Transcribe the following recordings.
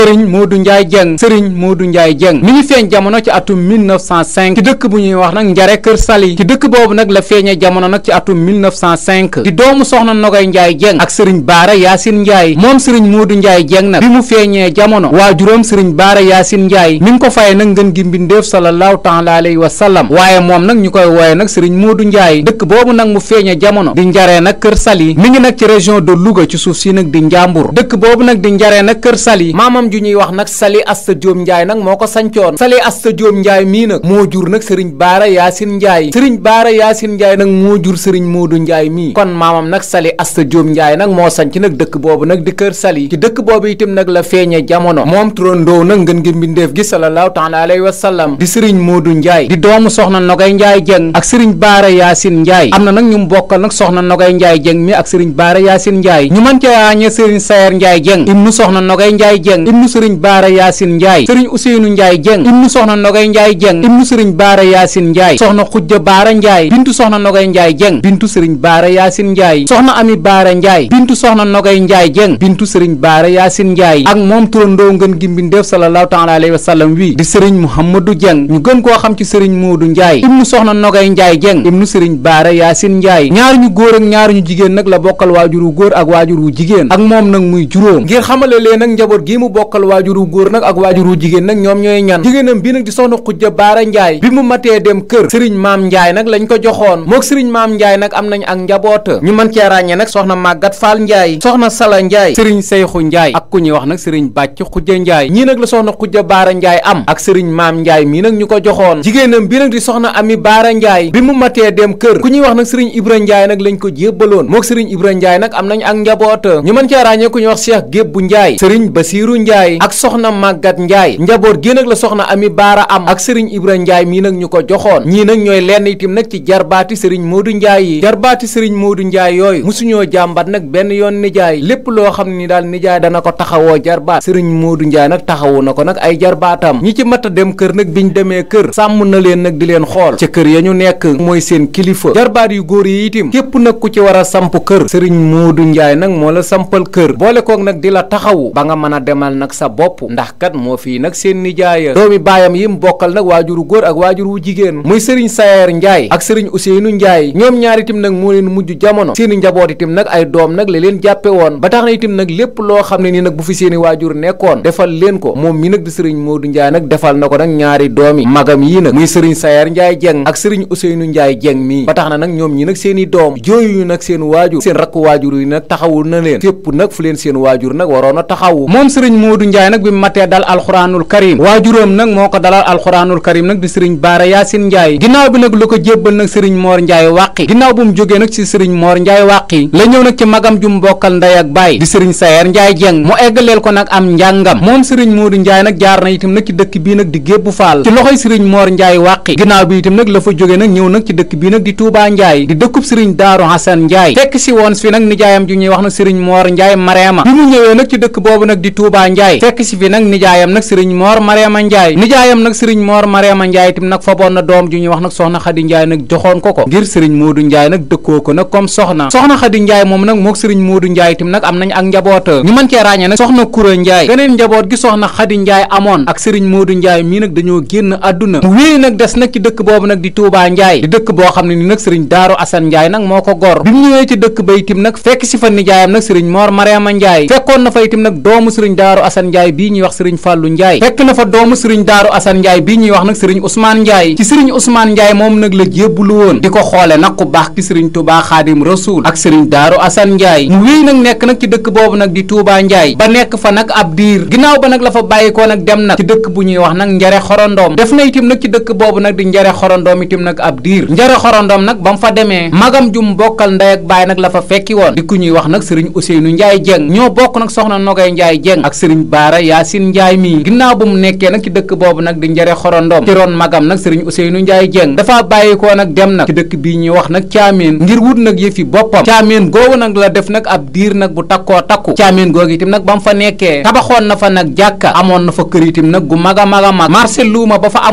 Serigne Modou Ndiaye Dieng Serigne Modou Ndiaye Dieng mi ngi feeñ jamono ci atum 1905 ci dëkk bu ñuy wax nag njare kër Sali ci dëkk boobu nag la feeñee jamono nag ci atum 1905 di doomu soxna Nogay Ndiaye Dieng ak Serigne Baara Yaasin Ndiaye moom Serigne Modou Ndiaye Dieng nag bi mu feeñee jamono waajuram Serigne Baara Yaasin Ndiaye mi ngi ko fayee nag ngën gi mbindeef sallallahu taala alayhi wa sallam waaye moom nag ñu koy wooye nag Serigne Modou Ndiaye dëkk boobu nag mu feeñee jamono di njare nag kër Sali mi ngi nag ci région de Louga ci suuf si nag di Njàmbur dëkk boobu nag di njaree nag kër Sali maamam jëkkëram ju ñuy wax nag Sali Asta Diop Ndiaye moo ko sancoon Sali Asta Diop Ndiaye mii nag moo jur nag sëriñ Baara Yaasin Ndiaye sëriñ Baara Yaasin Ndiaye nag moo jur sëriñ Moodu njaay mii kon maamam nag Sali Asta joom Ndiaye nag moo sanc nag dëkk boobu nag di kër Sali ci dëkk boobu itam nag la feeñe jamono moom turandoo nag ngën ngi mbindeef gi sallallahu taala alayhi wa sallam di sëriñ Moodu Ndiaye di doomu soxna Nogay Ndiaye Jeng ak sëriñ Baara Yaasin Ndiaye am na nag ñu bokkal nag soxna Nogay Ndiaye Jeng mi ak sëriñ Baara Yaasin Ndiaye ñu mën ca ràññee sëriñ Sayer Ndiaye Jeng ibnu soxna Nogay Ndiaye Jeng ibnu sëriñ baara yaasin njaay sëriñ useynu njaay jeng ibnu soxna nogay njaay jeng ibnu sëriñ baara yaasin njaay soxna xujja baara njaay bintu soxna nogay njaay jeng bintu sëriñ baara yaasin njaay soxna ami baara njaay bintu soxna nogay njaay jeng bintu sëriñ baara yaasin njaay ak moom turandoo ngën gi mbindéef sallallahu taala alayhi wa sallam wi di sëriñ muhammadu jeng ñu gën koo xam ci sëriñ moodu njaay ibnu soxna nogay njaay jeng ibnu sëriñ baara yaasin njaay ñaar ñu góor ak ñaar ñu jigéen nag la bokkal waajuru góor ak waajuru jigéen ak moom nag muy juróom ngir xamale leen nag njaboot gi mu bokkal waajuru góor nag ak waajuru jigéen nag ñoom ñooy ñan jigéenam bi nag di soxna xujja baara njaay bi mu matee dem kër sëriñ maam njaay nag lañ ko joxoon mook sëriñ maam njaay nag am nañ ak njaboota ñu mën cee ràññee nag soxna màggat faal njaay soxna sala njaay sëriñ seyxu njaay ak ku ñuy wax nag sëriñ bàcc xujja njaay ñii nag la soxna xujja baara njaay am ak sëriñ maam njaay ñu ko joxoon jigéenam bi nag di soxna ami baara njaay bi mu matee dem kër ku ñuy wax nag sëriñ ibra njaay nag lañ ko jébbaloon mook sëriñ ibra njaay nag am nañ ak njaboota ñu mën cee ràññee ku ñuy wax seex gébbu njaay sëriñ basiiru njaay Ndiaye ak soxna Maguette Ndiaye njaboot gi nag la soxna Ami Baara am ak sëriñ Ibra njaay mii nag ñu ko joxoon ñii nag ñooy lenn itim nag ci jarbaati Serigne Modou Ndiaye yi jarbaati Serigne Modou Ndiaye yooyu musuñoo jàmbat nag benn yoon nijaay lépp loo xam ni daal nijaay dana ko taxawoo jarbaat sëriñ Modou Ndiaye nag taxawu na ko nag ay jarbaatam ñi ci mat a dem kër nag bi ñu demee kër sàmm na leen nag di leen xool ca kër ya ñu nekk mooy seen kilifa jarbaat yu góor yi itim képp nag ku ci war a samp kër Serigne Modou Ndiaye nag moo sampal kër boole nag di la taxawu nag sa bopp ndax kat moo fii nag seen nijaaya doomi baayam yi mu bokkal nag waajuru góor ak waajuru jigéen muy sëriñ Sayeer Njaay ak sëriñ Useynu Njaay ñoom ñaari itam nag moo leen mujj jamono seeni njaboot itam nag ay doom nag la leen jàppe woon ba tax na itam nag lépp xam ne nii nag bu fi seeni waajur nekkoon defal leen ko moom mi nag di sëriñ Moodu Njaay nag defal na ko nag ñaari doomi magam yii nag muy sëriñ Sayeer Njaay Jeng ak sëriñ Useynu Njaay Jeng mii ba tax na nag ñoom ñi nag seeni doom jooyuñu nag seen waajur seen rakk waajur yi nag taxawul na leen fépp nag fu leen seen waajur nag waroon taxawu moom sëriñ Modou Ndiaye nag bi mu matee dal alxuraanul karim waajuróom nag moo ko dalal alxuraanul karim nag di sëriñ Baara Yaasin Ndiaye ginnaaw bi nag lu ko jébbal nag sëriñ Mor Ndiaye wàqi ginnaaw bu mu jógee nag ci sëriñ Mor Ndiaye wàqi la ñëw nag ci magam ju mu bokkal ndey ak baay di sëriñ Sayer Ndiaye Dieng mu eggaleel ko nag am njàngam moom sëriñ Modou Ndiaye nag jaar na itam nag ci dëkk bii nag di Gébbu Faal ci loxoy sëriñ Mor Ndiaye wàqi ginnaaw bi itam nag la fa jógee nag ñëw nag ci dëkk bii nag di Touba Ndiaye di dëkkub sëriñ Daaru Hasan Ndiaye fekk si woon fi nag nijaayam ju ñuy wax na sëriñ Mor Ndiaye Marema bi mu ñëwee nag ci dëkk boobu nag di Ndiaye fekk si fi nag nijaayam nag sëriñ Mor Mariama Ndiaye nijaayam nag sëriñ Mor Mariama Ndiaye tim na doom ju nag soxna ko ko ngir sëriñ Moodu Ndiaye nag dëkkoo ko nag comme soxna soxna Xadi Ndiaye moom nag mook sëriñ Moodu Ndiaye tim nag am nañ ak njaboota ñu mën cee ràññee nag soxna Kura Ndiaye geneen njaboot gi soxna Xadi Ndiaye amoon ak sëriñ Moodu Ndiaye mii nag dañoo génn àdduna mu wéy boo xam ne ni nag sëriñ Daaru Asan Ndiaye nag moo ko gor bi mu ci dëkk ba itim nag fekk si fa nijaayam nag sëriñ Mor Mariama Ndiaye fekkoon na fa itim nag doomu sëriñ Daaru Assane Ndiaye bii ñuy wax sëriñ Fallou Ndiaye fekk na fa doomu sëriñ Daaru Assane Ndiaye bii ñuy wax nag sëriñ Ousmane Ndiaye ci sëriñ Ousmane Ndiaye moom nag la jébbalu woon di ko xoole nag ku baax ki sëriñ Touba Xaadim Rasuul ba nekk fa nag ab diir ginnaaw ba nag la fa bàyyikoo nag dem nag ci dëkk bu ñuy wax nag njare na itim nag ci dëkk boobu nag di njare xorondoom itim nag ab diir njare xorondoom nag ba mu fa demee magam jum la fa fekki woon di ku ñuy wax nag sëriñ Ousseynou Ndiaye Dieng ñoo bokk nag soxna Nogay Ndiaye Dieng ak sëriñ sëriñ baara yaasin njaay mii ginnaaw bu mu nekkee nag ci dëkk boobu nag di njare xorondoom ci roon magam nag sëriñ useynu njaay jeng dafa bàyyikoo nag dem nag ci dëkk bii ñuy wax nag caameen na fa nag jàkka amoon na fa kër itam nag a mag a mag ba ba ca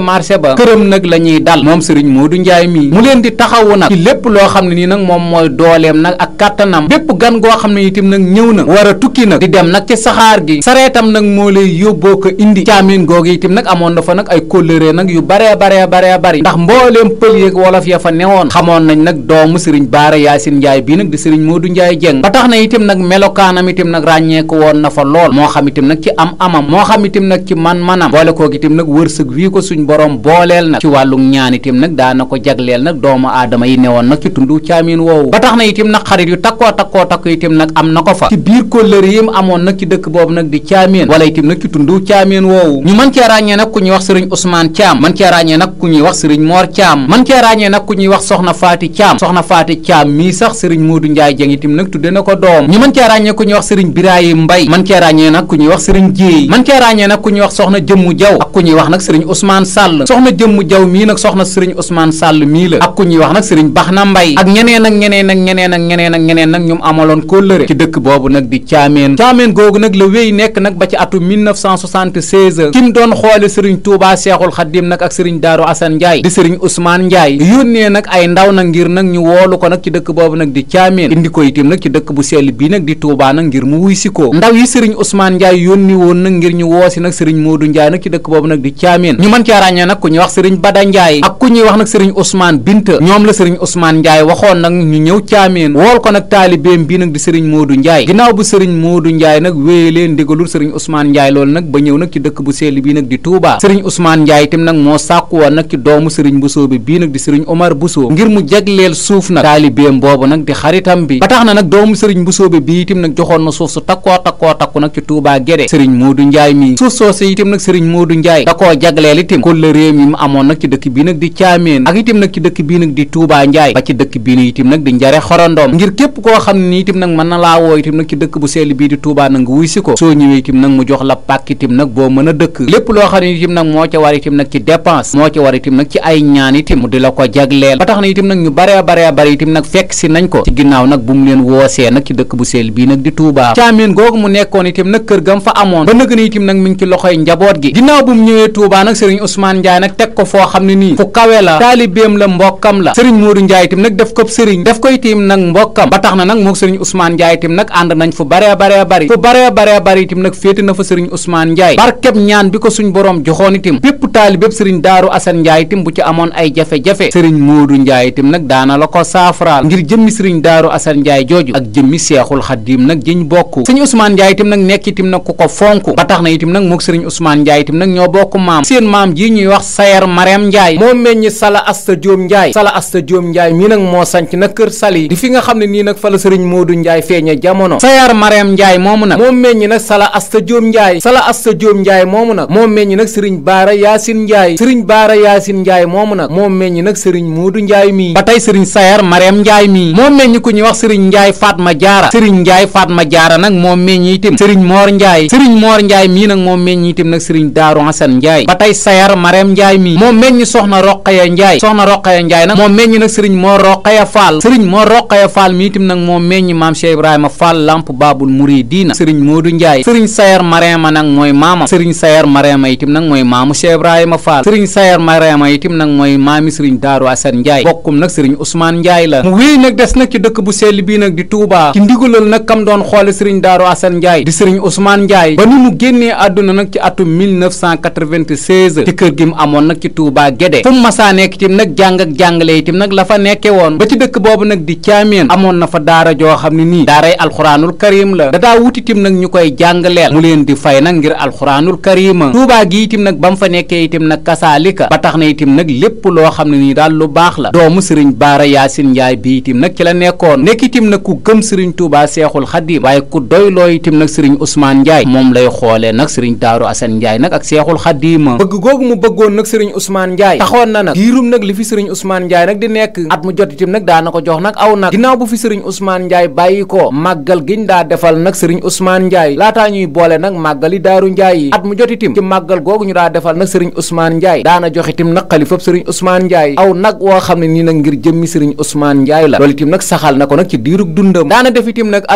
marché ba këram nag la ñuy dal moom sëriñ moodu njaay mii mu leen di taxawu nag ci lépp loo xam ne nii nag moom mooy dooleem dooleem nag ak kàttanam bépp gan goo xam ne itam nag ñëw na wara a tukki nag di dem nag ci saxaar gi sareetam nag moo lay yóbboo ko indi caamin googu itam nag amoon na fa nag ay kóllëre nag yu baree bare baree bari ndax mbooleem pël yeeg wolof ya fa woon xamoon nañ nag doomu sëriñ baara yaasin njaay bi nag di sëriñ du njaay jeng ba tax na itam nag melokaanam itam nag ràññeeku woon na fa lool moo xam itam nag ci am amam moo xam itam nag ci man-manam boole koog itam nag wërsëg wii ko suñ borom booleel nag ci wàllu ñaan itam nag daana ko jagleel nag doomu aadama yi newoon nag ci tundu caamin woowu itam nag xarit yu takkoo takkoo takku na ko fa ci biir kóllëre yim amoon nag ci dëkk boobu nag di caameen wala itam nag ci tundu caameen woowu ñu mën cee nag ku ñuy wax sëriñ Ousmane Thiam mën cee ràññee nag ku ñuy wax sëriñ Mor Thiam mën cee ràññee nag ku ñuy wax soxna Faati Thiam soxna Faati Thiam mii sax sëriñ Moodu Njaay Jeng itam nag tudde na ko doom ñu mën cee ràññee ku ñuy wax sëriñ Birayim Mbay mën cee ràññee nag ku ñuy wax sëriñ Jéey mën cee ràññee nag ku ñuy wax soxna Jëmmu Jaw ak ku ñuy wax nag sëriñ Ousmane Sàll soxna Jëmmu Jaw mii nag soxna sëriñ Ousmane Sàll mii la ak wax nag sëriñ Baxna Mbay ak ñeneen ak ñeneen ak ñeneen nag ñum amaloon kóllëre ci dëkk boobu nag di caameen caameen googu nag la wéy nekk nag ba ci atum 1976 kim doon xoole sëriñ Touba Seexul Xaddim nag ak sëriñ Daaru Asan Njaay di sëriñ Ousmane Njaay yónnee ndaw nag ngir nag ñu woolu ko nag ci dëkk boobu nag di caameen indi ko itam nag bu sell bii nag di Touba nag ngir mu wuy si ko ndaw yi sëriñ Ousmane Njaay yónni woon nag ngir ñu woosi nag sëriñ Moodu Njaay nag ci dëkk boobu nag di caameen ñu mën caa ràññee nag ku ñuy wax sëriñ Bada Njaay ak ku ñuy wax nag sëriñ Ousmane Binta ñoom la sëriñ Ousmane Njaay waxoon nag ñu ñëw caameen amiin wool ko nag taalibeem bii nag di sëriñ Modou Ndiaye ginnaaw bu sëriñ Modou Ndiaye nag wéyelee ndigalul sëriñ Ousmane Ndiaye loolu nag ba ñëw nag ci dëkk bu sell bii nag di Touba sëriñ Ousmane Ndiaye itam nag moo sàkku woon nag ci doomu sëriñ Bousso bi bii nag di sëriñ Omar Bousso ngir mu jagleel suuf nag taalibeem boobu nag di ba na nag doomu sëriñ Bousso bi bii na suuf su takkoo takkoo takku nag ci Touba Guédé sëriñ Modou Ndiaye mi suuf soosu itam nag sëriñ da koo jagleel itam kóllëreem yi mu amoon nag ci dëkk bii nag di Thiamène ak itam nag ci dëkk bii nag di Touba Ndiaye ba ci dëkk bii nag di Njare Xoro yondoom ngir képp koo xam ne itam nag mën na laa woo itam nag ci dëkk bu sell bii di Touba nag wuy si ko soo ñëwee itam nag mu jox la pàkk itam nag a mu di la ko jagleel nag ci ginnaaw nag bu mu leen woosee nag ci dëkk bu sell bii nag di Touba caameen googu mu nekkoon itam nag kër gam fa amoon ba nëg na nag mi ngi ci loxoy njaboot gi ginnaaw bu mu ñëwee Touba nag Serigne Ousmane Ndiaye nag teg ko foo xam ne nii fu kawe la taalibeem nag mbokkam ba tax na nag mook sëriñ Ousmane Ndiaye itam nag ànd nañ fu baree baree bari fu baree baree bari itam nag féete na fa sëriñ Ousmane Ndiaye barkeb ñaan bi ko suñ boroom joxoon itam bépp taali bépp sëriñ Daaru Assane Ndiaye itam bu ci amoon ay jafe-jafe sëriñ Moodu Ndiaye itam nag daana la ko saafaraal ngir jëmmi sëriñ Daaru Assane Ndiaye jooju ak jëmmi Seexul Xaddiim nag jëñ bokk sëriñ Ousmane Ndiaye itam nag nekk itam nag ku ko fonk ba tax na itam nag mook sëriñ Ousmane Ndiaye itam nag ñoo bokk maam seen maam ji ñuy wax Sayer Mariam Ndiaye moo meññi Sala Asta Diom Ndiaye Sala Asta Diom Ndiaye mi nag moo sanc nag kër Sali fi nga xam ne nii nag fa la sëriñ Modou Ndiaye feeñe jamono Sayar Mariam Ndiaye moomu nag moom meññi nag Sala Asta Diop Ndiaye Sala Asta Diop Ndiaye moomu nag moom meññi nag sëriñ Baara Yaasin Ndiaye sëriñ Baara Yaasin Ndiaye moomu nag moom meññi nag sëriñ Modou Ndiaye mii ba tey sëriñ Sayar Mariam Ndiaye mii moom meññi ku ñuy wax sëriñ Ndiaye Fatma Diara sëriñ Ndiaye Fatma Diara nag moom meññi itam sëriñ Mor Ndiaye sëriñ Mor Ndiaye nag moom meññi itam nag sëriñ Daaru Hasan Ndiaye ba tey Sayar Mariam Ndiaye mii moom meññi soxna Roqaya Ndiaye soxna Roqaya Ndiaye nag moom Rokhaya Fall mi itam nag moo meññ maam Cheikh Ibrahima Fall lamp baabul muridiina sëriñ Modou Sayar Marema nag mooy maamam sëriñ Sayar Marema itam nag mooy maamu sëriñ Daaru Assane Ndiaye bokkum nag sëriñ Ousmane Ndiaye la mu wéy nag des nag ci dëkk bu sell bii nag di Touba ci ndigalal nag kam doon xoole sëriñ Daaru Assane Ndiaye di sëriñ Ousmane Ndiaye ba ni mu génnee àdduna nag ci atum ci kër gi mu amoon nag ci Touba Guédé fu masaa nekk nag jàng ak jàngale itam nag la fa nekke woon ba ci dëkk boobu nag di caam Lamine amoon na fa daara joo xam ne nii daaray alxuraanul karim la da daa wuti itam nag ñu koy jàngaleel mu leen di fay nag ngir alxuraanul karima tuubaa gi itam nag ba mu fa nekkee itam nag kasaalika ba tax na itam nag lépp loo xam ne nii daal lu baax la doomu sëriñ baara yaasin njaay bi itam nag ci la nekkoon nekk itam nag ku gëm sëriñ tuubaa seexul xadim waaye ku doy loo itam nag sëriñ ousmane njaay moom lay xoolee nag sëriñ daaru asan njaay nag ak na nag diirum nag li fi sëriñ ousmane njaay nag di nekk at mu jot itam nag daana ko jox nag aw nag ginnaaw bu fi sëriñ Ousmane Ndiaye bàyyi ko màggal giñ daa defal nag sëriñ Ousmane Ndiaye laataa ñuy boole nag màggali daaru Ndiaye yi at mu jot itim ci màggal googu ñu daa defal nag sëriñ Ousmane Ndiaye daana jox itim nag xalifab sëriñ Ousmane Ndiaye aw nag woo xam ne nii nag ngir jëmmi sëriñ Ousmane Ndiaye la loolu itim nag na ko nag ci diirug dundam daana def itim nag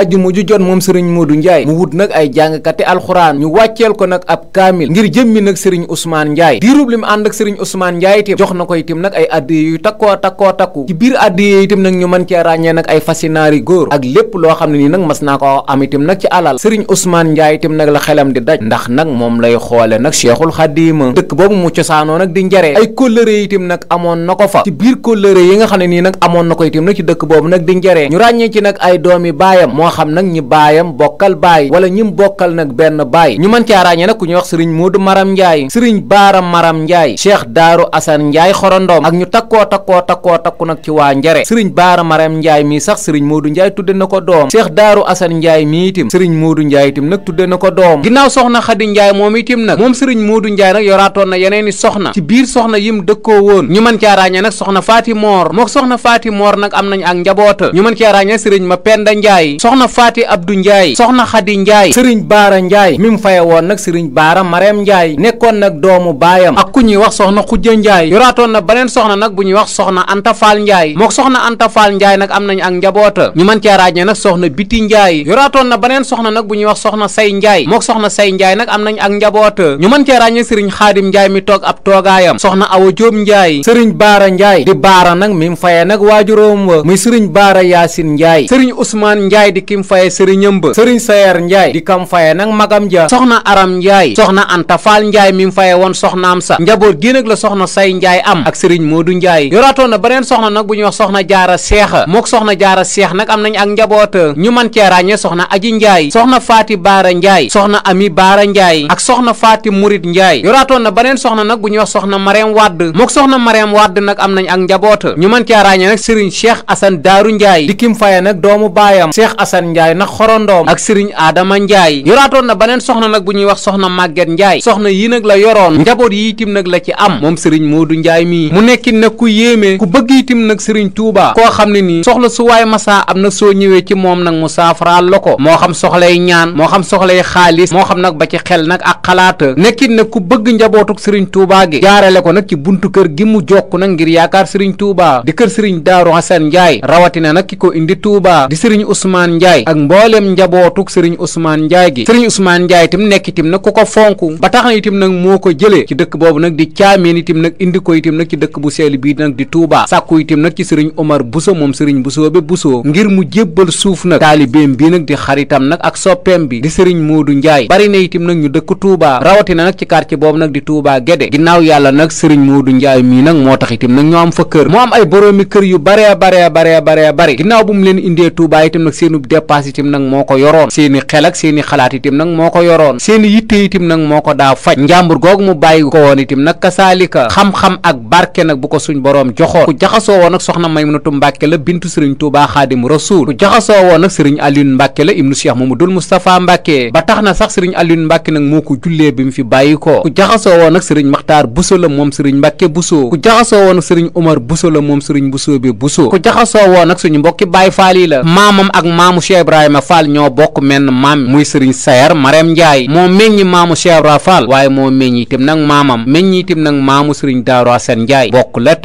moom sëriñ Modou Ndiaye mu wut nag ay jàngkati alxuraan ñu wàcceel ko nag ab kaamil ngir jëmmi nag sëriñ Ousmane Ndiaye diirub li mu ànd ak sëriñ Ousmane Ndiaye itim jox na ko itim nag ay addiye yu takkoo takkoo takku ci biir addiye itim nag ñu mën cee ràññee nag ay fasi naari góor ak lépp loo xam ne nii nag mas naa ko am itam nag ci alal sëriñ Ousmane Ndiaye itam nag la xelam di daj ndax nag moom lay xoole nag Cheikhul Xadim dëkk boobu mu cosaanoo nag di njaree ay kóllëre itam nag amoon na ko fa ci biir kóllëre yi nga xam ne nii nag amoon na ko itam nag ci dëkk boobu nag di njaree ñu ràññee ci nag ay doomi baayam moo xam nag ñi baayam bokkal baay wala ñim bokkal nag benn baay ñu man caa ràññee nag ku ñuy wax sëriñ Moodu Maram Ndiaye sëriñ Baara Maram Ndiaye Cheikh Daaru Asan Ndiaye xorondoom ak ñu takkoo takkoo takkoo takku nag ci waa njare sëriñ Baara Maram Ndiaye mii sax sëriñ Modou Ndiaye tudde na ko doom Cheikh Daaru Assane Ndiaye mii itam sëriñ Modou Ndiaye itam nag tudde na ko doom ginnaaw soxna Xadi Ndiaye moom itam nag moom sëriñ Modou Ndiaye nag yoraatoon na yeneeni soxna ci biir soxna yim dëkkoo woon ñu mën caa ràññee nag soxna Faati Moor mook soxna Faati Moor nag am nañ ak njaboota ñu mën caa ràññee sëriñ Ma Penda Ndiaye soxna Faati Abdou Ndiaye soxna Xadi Ndiaye sëriñ Baara Ndiaye mi mu faye woon nag sëriñ Baara Mareem Ndiaye nekkoon nag doomu baayam ak ku ñuy wax soxna Xujja Ndiaye yoraatoon na baneen soxna nag bu ñuy wax soxna Anta Faal Ndiaye mook soxna Anta Faal Ndiaye nag am nañu ak njaboota ñu mën cee ràññee nag soxna biti njaay yoraatoon na beneen soxna nag bu ñuy wax soxna say njaay mook soxna say njaay nag am nañu ak njaboota ñu mën cee ràññee sëriñ xaadim njaay mi toog ab toogaayam jóob njaay sëriñ baara njaay di baara nag mi mu fayee nag waajuróom wa muy sëriñ baara yaasin njaay sëriñ usmaan njaay di kim faye sëriñam ba sëriñ sayer njaay di kam fayee nag magam ja soxna aram njaay soxna anta faal njaay mi mu fayee woon soxnaam sa njaboot gi nag la soxna say njaay am ak sëriñ moodu njaay yoraatoon na beneen soxna nag bu ñuy wax soxna jaara seexa soxna jaara seex nag am nañ ak njaboot ñu man cee ràññee soxna aji njaay soxna faati baara njaay soxna ami baara njaay ak soxna faati murit njaay yoraatoon na baneen soxna nag bu ñuy wax soxna mareem wadd mook soxna mareem wadd nag am nañ ak njaboot ñu man cee ràññee nag sëriñ cheikh asan daaru njaay dikkim faye nag doomu baayam cheikh asan njaay nag xorondoom ak sëriñ aadama njaay yoraatoon na baneen soxna nag bu ñuy wax soxna màgget njaay soxna yi nag la yoroon njaboot yi tim nag la ci am moom sëriñ moodu njaay mi mu nekkin nag ku yéeme ku bëgg itim nag sëriñ tuuba koo xam ne nii soxla su waay masaa am na soo ñëwee ci moom nag mu saafaraal la ko moo xam soxlay ñaan moo xam soxlay xaalis moo xam nag ba ci xel nag ak xalaat nekkit nag ku bëgg njabootuk sëriñ Touba gi jaarale ko nag ci buntu kër gi mu jokk nag ngir yaakaar sëriñ Touba di kër sëriñ Daaru Xasan Njaay rawatina nag ki ko indi tuubaa di sëriñ Ousmane Njaay ak mbooleem njabootuk sëriñ Ousmane Njaay gi sëriñ Ousmane Njaay itam nekk itam nag ku ko fonk ba tax na itam nag moo ko jëlee ci dëkk boobu nag di caameen itam nag indi ko itam nag ci dëkk bu seel bii nag di Touba sàkku itam nag ci sëriñ Omar Bousso moom sëriñ Bousso be Bousso ngir mu jébbal suuf nag taalibeem bi nag di xaritam nag ak soppeem bi di sëriñ Moodu Njaay bari na itam nag ñu dëkk Touba rawatina nag ci quartier boobu nag di Touba Guédé ginnaaw yàlla nag sëriñ du Njaay mii nag moo tax itam nag ñoo am fa kër moo am ay boroomi kër yu bare bare bare bare bare ginnaaw bu mu leen indee Touba itam nag seenub dépasse itam nag moo ko yoroon seeni xel ak seeni xalaat itam nag moo ko yoroon seeni yitte itam moo ko daa faj njàmbur mu bàyyi ko woon itam nag kasaalika xam-xam ak barke nag bu ko suñ boroom joxoon ku sëriñ Tuubaa xaadim rasul ku jaxasoo woon nag sëriñ Alioune Mbàkke la ibnu Cheikh Mamadul Moustapha Mbàkke ba tax na sax sëriñ Alioune Mbàkke nag moo ko jullee bi mu fi bàyyi ko ku jaxasoo woon nag sëriñ Maxtaar Buso la moom sëriñ Mbàkke Buso ku jaxasoo woon nag sëriñ Omar Buso la moom sëriñ Buso bi Buso ku jaxasoo woon nag suñu mbokki Baay Faal yi la maamam ak maamu Cheikh Ibrahima Fall ñoo bokk menn maam muy sëriñ Sayar Marème Ndiaye moo meññi maamu Cheikh Ibrahima Fall waaye moo meññi itam nag maamam meññi itam nag maamu sëriñ Daaru Asan Ndiaye bokk la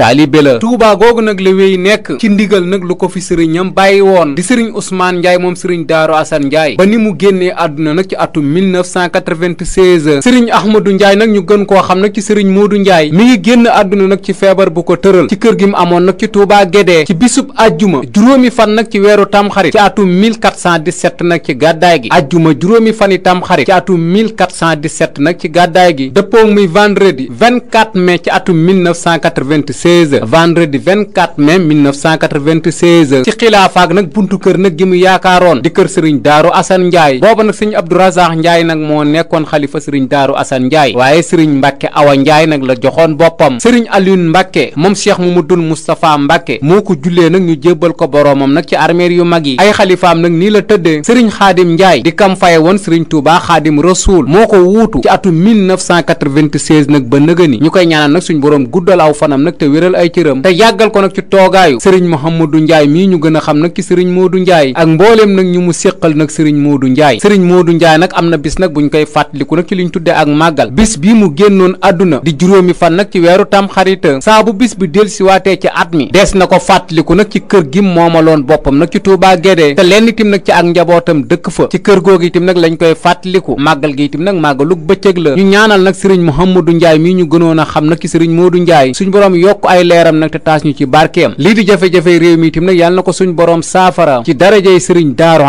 nag la ko fi sëriñam bàyyi woon di sëriñ Ousmane Ndiaye moom sëriñ Daaru Assane Ndiaye ba ni mu génnee àdduna nag ci atum sëriñ Ahmadou Ndiaye nag ñu gën koo xam nag ci sëriñ Modou Ndiaye mi ngi génn àdduna nag ci feebar bu ko tëral ci kër gi mu amoon nag ci Touba Guédé ci bisub ajjuma juróomi fan nag ci weeru tamxarit ci atum nag ci gàddaay gi ajjuma juróomi fan yi tamxarit ci atum nag ci gàddaay gi dëppoo muy vendredi 24 mai ci atum 1996 vendredi 16 ci xilaafaak nag buntu kër nag gi mu yaakaaroon di kër sëriñ daaru asan njaay booba nag sëriñ abdu razaax njaay nag moo nekkoon xalifa sëriñ daaru asan njaay waaye sëriñ mbàkke awa njaay nag la joxoon boppam sëriñ aliyun mbàkke moom cheikh mamadul moustapha mbàkke moo ko jullee nag ñu jébbal ko boroomam nag ci armeer yu mag yi ay xalifaam nag nii la tëddee sëriñ xaadim njaay di kam faye woon sëriñ tuuba xaadim rasuul moo ko wuutu ci atu 1996 nag ba nëgëni ñu koy ñaanal nag suñ boroom guddal aw ko nag ci Ndiaye mii ñu gën a xam nag ci sëriñ Modou Ndiaye ak mbooleem nag ñu mu séqal nag sëriñ Modou Ndiaye sëriñ Modou Ndiaye nag am na bis nag buñ koy fàttaliku nag ci liñ tudde ak màggal bis bii mu génnoon àdduna di juróomi fan nag ci weeru tamxarita saa bis bi dellusiwaatee ci at mi dees na ko fàttaliku nag ci kër gi moomaloon boppam nag ci Touba Guédé te lenn itam nag ci ak njabootam dëkk fa ci kër googu itam nag lañ koy fàttaliku màggal gi itam nag màggalug bëccëg la ñu ñaanal nag sëriñ Mouhamadou Ndiaye mii ñu gënoon a xam nag ci sëriñ Modou Ndiaye suñ borom yokk ay leeram nag te taas ñu ci barkeem lii di jafe-jafe réew mi itam nag yàlla na ko suñ boroom saafara ci darajey sëriñ daaru